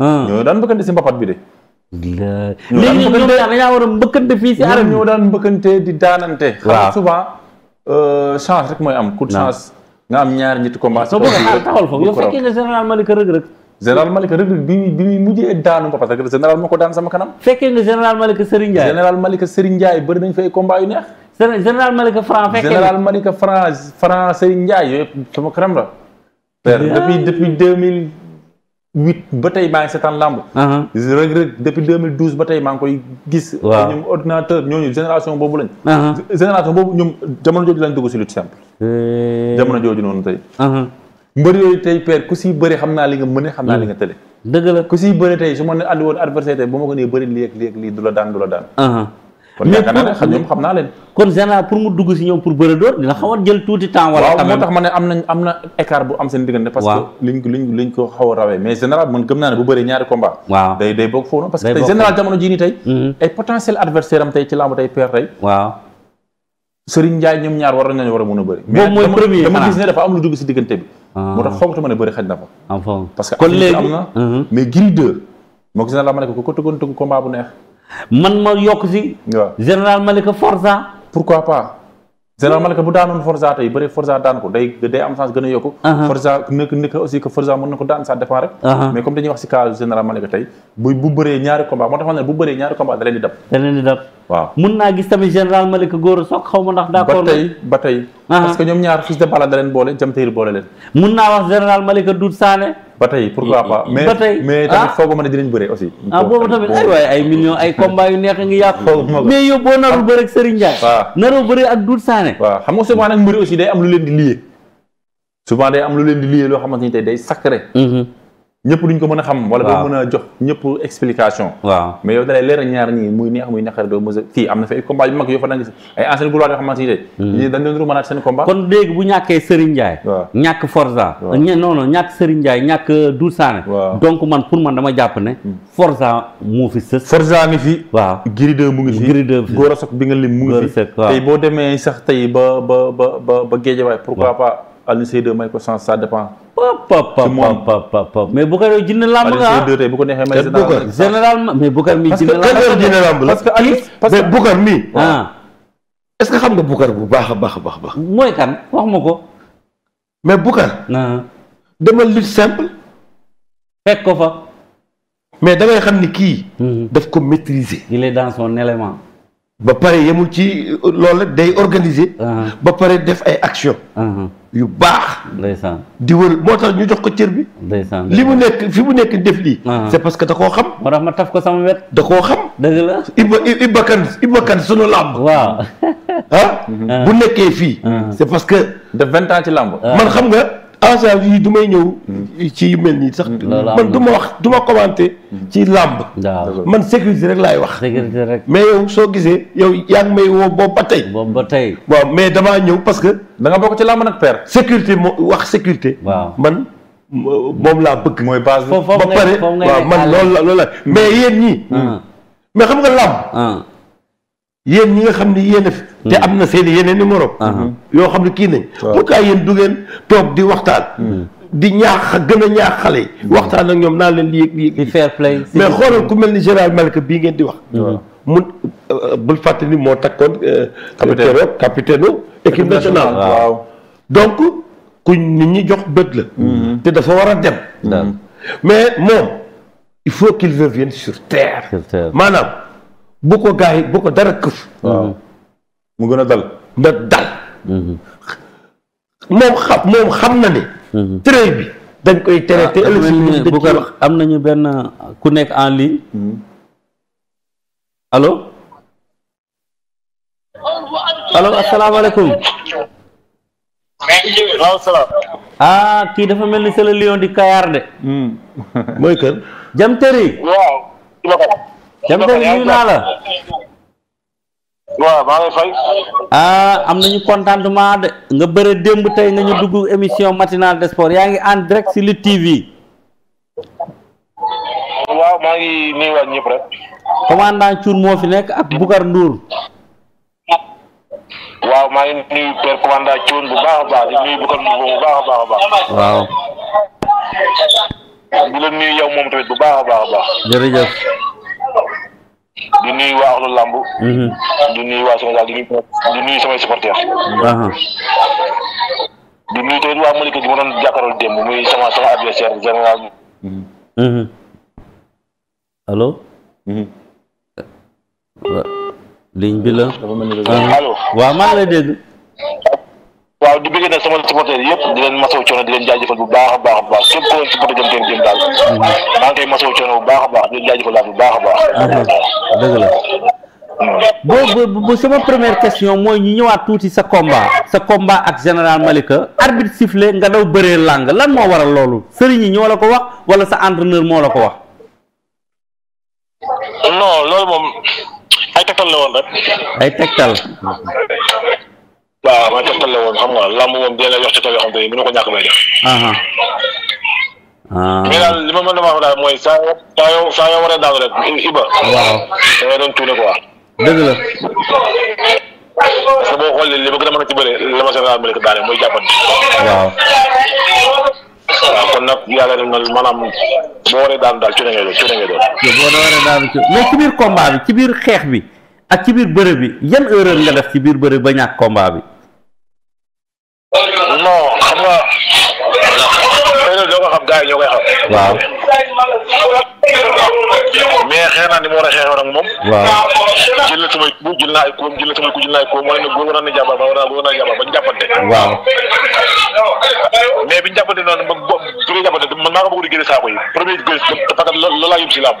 ñoo daan mbëkkante si mbapat bi de. léegi ñoom daal a mbëkkante fii si arène daan mbëkkante di daanante. waaw souvent chance rek mooy am. coup de chance nga am ñaar ñetti combat. soo bëgg a taxawal foofu yow fekkee bi bi muy mujjee daanu Papa Sow général moo ko daan sama kanam. fekkee nga général Malick Serigne Ndiaye fay combat yu neex. général Malick Franc fekkee général Malick Franc Franc Serigne Ndiaye yooyu sama huit ba tey maa ngi seetaan lamb. Uh-huh. Reug depuis deux mil douze ba tey maa ngi koy gis. waa ñoom ordinateur ñooñu génération boobu lañ. Uh-huh. génération boobu ñoom jamono jooju lañ dugg si lutte simple. Eh. jamono jooju noonu tey. Uh-huh. mbër yooyu tey père ku siy bëri xam naa li nga mëne xam naa li nga mm. tële. dëgg la ku siy bëri tey su ma ne andi woon adversaire tey bu ma ko nee bëri lii ak lii ak lii du la daan du la daan. kon yaakaar naa ne xam naa leen kon général pour mu dugg si ñoom pour bëre dina xaw a jël tuuti temps wala waaw moo tax ma ne am na écart bu am seen diggante parce que liñ liñ liñ a rawee tey mm-hmm. ay potentiel adversaire am tey ci lamb tey père tey waaw Serigne Ndiaye ñoom ñaar war nañu war a mën a bëri mais dama gis ne dafa am lu dugg si diggante bi ah. moo tax xawma ma ne bëri xaj na fa parce que am na mm-hmm. mais giri moo gis ma ne ko ko tëggoon tëgg man ma yokk si. général Malika Forza. pourquoi pas. général Malika bu daanoon Forza tey bëri Forza daan ko day day am chance gën a yokku. Forza nekk nekk aussi que Forza mën na ko daan ça dépend rek. mais comme dañuy wax si cas général Malika tey bu bu bëree ñaari combat moo tax ma ne bu bëree ñaari combat da leen di dab. da leen di dab. waaw mun naa gis tamit général Malick a Sock xaw ma ndax. d' accord ba tey ba tey. Ah. parce que ñoom ñaar fils de Balla da leen boole Jam Tayir boole leen. mun naa wax général Malick Doud Sané. ba tey pourquoi pas mais mais tamit ah. foogoo ma ne dinañ bëree aussi. ah boobu tamit ay waaye ay millions ay combats yu neex a ngi yàqu. mais yow narul bëri ak Serigne Ndiaye. Ah. naroo bëri ak Doud Sané. waaw xam nga souvent nag mbir aussi day am lu leen di lié. souvent day am lu leen di lié loo xamante ni tey day ñëpp duñ ko mën a xam. wala doo mën a jox ñëpp explication. waaw mais yow dalay leer ñaar ñii muy neex muy naqar doo mës a fii am na fa ay combat yu mag yoo fa nag ay ancienne hmm. bu ñàkkee Serigne Ndiaye. waaw ñàkk Forza. waaw non non ñàkk Serigne Ndiaye ñàkk euh, Doudou Sané. donc man pour man dama jàpp ne. Hmm. Forza moo fi sës. Forza mi fi. waaw Gris 2 mu ngi bi nga lim mu ngi boo demee sax tey ba ba ba ba Guédiawaye pourquoi pas Alioune Seye 2 may ko san ça dépend pop pop pop pop pop mais Boucar yow jënd lamb nga bu ko neexee may généralement mais Boucar mi jënd lamb parce que parce que Boucar mi est-ce que xam nga Boucar bu baax a baax a baax mooy kan wax ma ko mais Boucar ah. demal lutte simple fekk ko fa mais da xam ni kii mhm. daf ko maîtriser il est dans son élément ba pare yemul ci loolu day organiser ah. ba pare def ay action ah. yu baax. ndeysaan di wër moo tax ñu jox ko cër bi. ndeysaan li mu nekk fi mu nekk def lii. Ah. c'est parce que da koo xam. moo tax ma taf ko sama wet. da koo xam. dëgg la Iba Iba Kane Iba Kane sunu làmb. waaw ah. ah. bu nekkee fii. Ah. c'est parce que. de vingt ans ci làmb. man xam nga. en général yi du may ñëw. ci mel nii sax. man du ma wax duma ma ci làmb man sécurité rek laay wax. sécurité rek mais yow soo gisee yow yaa ngi may woo boobu ba tey. boobu ba tey. waaw mais damaa ñëw parce que. da nga bokk ci làmb nag père. sécurité moo wax sécurité. waaw man. moom laa bëgg. mooy base ba pare waaw man loolu la loolu la mais yéen ñii. Ah. mais xam nga làmb. yéen ñi nga xam ni yéen te mm. am na seen yeneen i morom. Mm. yoo xam ne kii nañ. waaw pourquoi yéen du ngeen toog di waxtaan. Mm. di ñaax gën a ñaax xale yi. waxtaan ak ñoom naa leen lii lii. di fair play mais xoolal ku mel ni général Malika bii ngeen di wax. mun euh, bul fàttali moo takkoon. Euh, capitaine capitaine euh, équipe nationale. donc ku nit ñi jox bët la. te dafa war a dem. mais moom il faut qu'il revienne sur terre. maanaam. bu ko gaay bu ko dara këf. mu gën a dal. na dal. moom xam moom xam na ne. Mhm. trait bi dañ koy tere te ah, ëllëg bu ko am nañu benn ku nekk en ligne. Mhm. allo. allo asalaamaaleykum. waaw ah, kii dafa mel ni c'est le di Kayar de. Mhm. mooy kër. jam tëri. jam tey nuyu naa la. waaw maa ngi fay. ah am nañu contentement de nga bëre démb tey nga ñu dugg émission matinale de sport yaa ngi en direk ci Lutte TV. waaw maa ngi nuyuwaat ñëpp rek. commandant Cuun moo fi nekk ak Boucar Ndour. waaw maa ngi nuyu père commandant Cuun bu baax a baax di nuyu Boucar Ndour bu baax a baax a baax. waaw. di la nuyu yow moom tamit bu baax a baax a baax. jërëjëf. di nuyu waa axlu làmb mhm. di nuyu waa Sénégal di nuyu samay supporters di nuyu tamit waa Malika gi ma doon jàkkaarloo démb muy sama sama adversaire général mhm. Mhm. allo ligne bi la allo waaw maa ngi waaw di bëgg nag sama supporter yëpp di leen masaw coono di leen jaajëfal bu baax a baax a baax képp koo supporter jëm seen bu baax a baax di leen jaajëfal baax a baax mm-hmm. dëgg la mm-hmm. boo bu sama première question mooy ñu ñëwaat tuuti sa combat sa combat ak général Malika arbitre sifflé nga daw bëree làng lan moo waral loolu sëriñ yi ñoo la ko wax wala sa entraîneur moo la ko wax non loolu moom ay tegtal la woon rek ay tegtal waaw man tegtal la woon xam nga làmb moom dina la jox ci taw yoo xam te ni mënu ko ñàkk ah. ma mën mooy saa saa yoo saa yoo war li ma gën a ci bëre la ma kon nag yàlla dem na maanaam boo waree daanu daal cuune ngay doon cuune ngay doon. boo ci biir combat bi ci biir xeex bi ak ci biir bëre bi yan erreur nga def ci biir bëre ba ñàkk combat bi. non xam nga xëy na doo ko xam gars yi ñoo koy xam. waaw. mais xëy na ni mu war a xeexoon ak moom. waaw jël na samay ku jël naa ay koom jël na samay ku jël naa ay koom mooy ne góor war na jàppal ba war naa góor war naa jàppal ba ñu jàppante. waaw. mais bi ñu jàppante noonu ba bo bi nga jàppante man maa ko bëgg di génne saako yi premier gëstu parce que loolu laa yóbbu si laamu.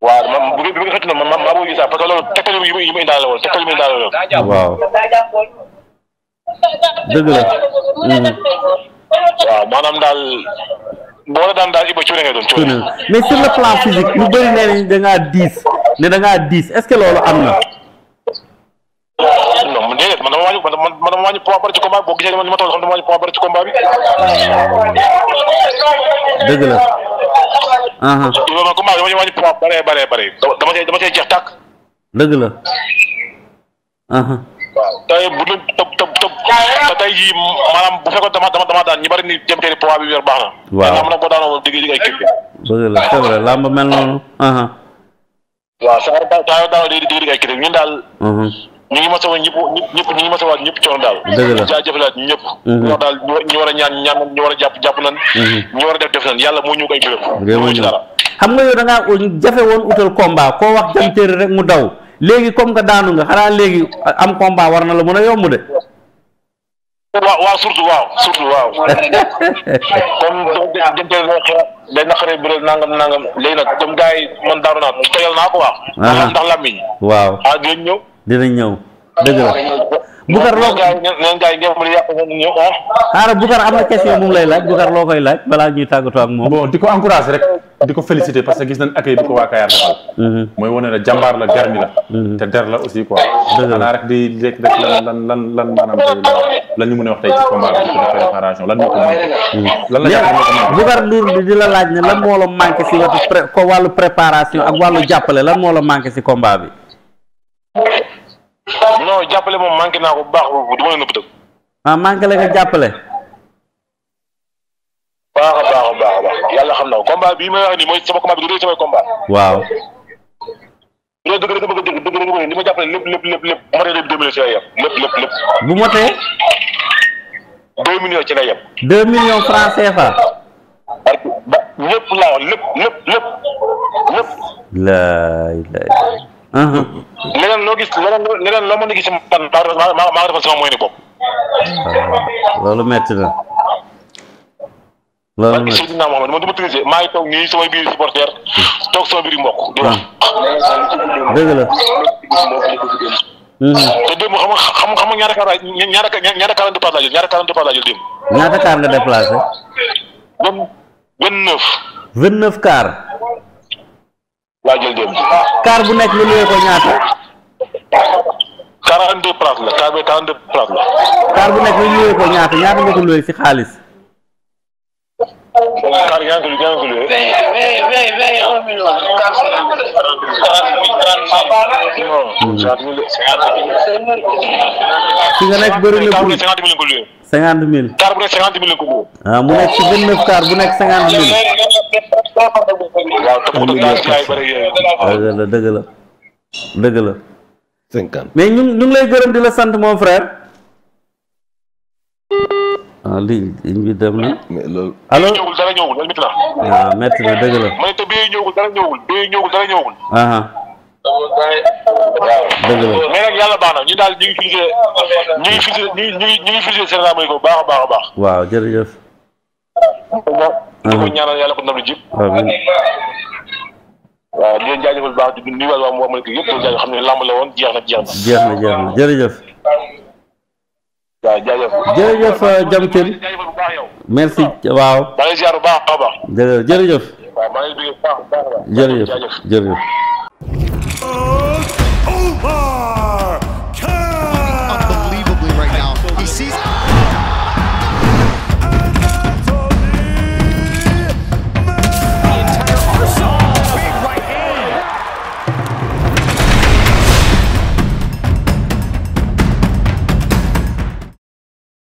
waaw man bu nga xëcc na man maa boobu gis parce que loolu tegtal yu mu indaale woon tegtal yu mu indaale woon. waaw dëgg la. Hmm. waaw maanaam daal boo la daan daal Iba cuune nga doon cuune. mais sur le plan physique ñu bëri nee nañ da ngaa diis ne da diis est loolu am na. man dama wàññi man man dama wàññi poids bari ci combat boo gisee ni ma toll xam dama wàññi poids bari ci combat bi. dëgg la. Uh-huh. ma commencé dama ci wàññi poids bëree bëree bëri dama see dama see jeex tàkk. dëgg la. Uh-huh. waaw tey bu dul te te te tey jii maanaam bu fekkoon dama dama daan ñu bëri ni jëm tey poids bi weer baax na. waaw mais am na boo daanoo moom digg digg ay kii. dëgg la c'est vrai làmb mel noonu. Uh-huh. waaw saa yoo daanoo digg digg ay kii ñun daal. ñu ngi masawu ñëpp ñu ngi masawaat ñëpp coono daal. dëgg la mhm. war a ñaan ñu war a jàpp jàpp nan. Mhm. ñu war a def def nan yàlla moo ñu koy jëlee. xam nga yow da ngaa jafe woon utal combat koo wax Diam Terry rek mu daw léegi comme nga daanu nga xanaa léegi am combat war na la mën a yomb de. waaw surtout waaw surtout waaw comme Diam Terry day naqaree bëre nangam naa ko waaw. Ah. ndax làmmiñ waaw ah, dinañ ñëw dëgg la Boucar loo xaaral Boucar am na question moom lay laaj Boucar loo koy laaj balaa ñuy tàggatoo ak moom bon di ko encouragé rek di ko félicité parce que gis nañ accueil bi ko waa Kayar defal mm-hmm. mooy wane ne jàmbaar la garmi la mm-hmm. te der la aussi quoi xanaa rek di rek rek lan lan lan lan maanaam lan ñu mën a wax tey ci combat bi préparation lan moo ko manqué mm-hmm. lan la jàpp moo ko manqué Boucar Ndour di la laaj ne lan moo la manqué si wàllu wàllu préparation ak wàllu jàppale lan moo la manqué si combat bi non jàppale moom manqué naa ko bu baax du ma leen nëbb dëgg. ah manqué la nga jàppale. baax baax baax baax yàlla xam na ko combat bii may wax nii mooy sama combat bi du dee samay combat. waaw. li ma jàppale lépp lépp lépp lépp bu motee lépp deux millions ci Uh-huh. leneen loo gis leneen leneen loo mën a gis man maa maa maa defal sama moyen ni bopp. Uh-huh. loolu metti na. loolu metti na man man du ma triser maa ngi toog nii samay biir supporter toog sama biir mbokk di wax. Uh-huh. dëgg la. te démb xam nga xam nga xam nga ñaata kaar laa ñaata ñaata kaar la déplacé laa jël nga déplacé. vingt vingt neuf. vingt kaar. laa bu nekk nga luwee ko ñaata. 42 places la car la. car bu nekk nga luwee ko ñaata ñaata nga ko luwee xaalis. car yaa ngi ko luwee. fi nekk bëri na. cinquante mille. kaar bu nekk cinquante mille ku ko. ah mu nekk ci vingt neuf kaar bu nekk cinquante mille. waaw toppatoo naa si ay bëri yooyu. Ah, dëgg la dëgg la dëgg la. cinquante mais ñu ñu ngi lay gërëm di la sant mon frère. ah lii ligne bi dem na. mais loolu. allo bii ñëwul dara ñëwul loolu métti na. waaw ah, métti na dëgg la. ma ne te bii ñëwul dara ñëwul bii ñëwul dara ñëwul. Ah, dëgg la mais nag yàlla bu baax baax a baax. waaw jërëjëf. di ko ñaanal yàlla waaw di leen baax di nuyuwaat waa Mouhamad kii yëpp di leen jaajëfal xam ne làmb la woon jeex na jeex na. jeex waaw a euh, baax. jërëjëf. waaw maa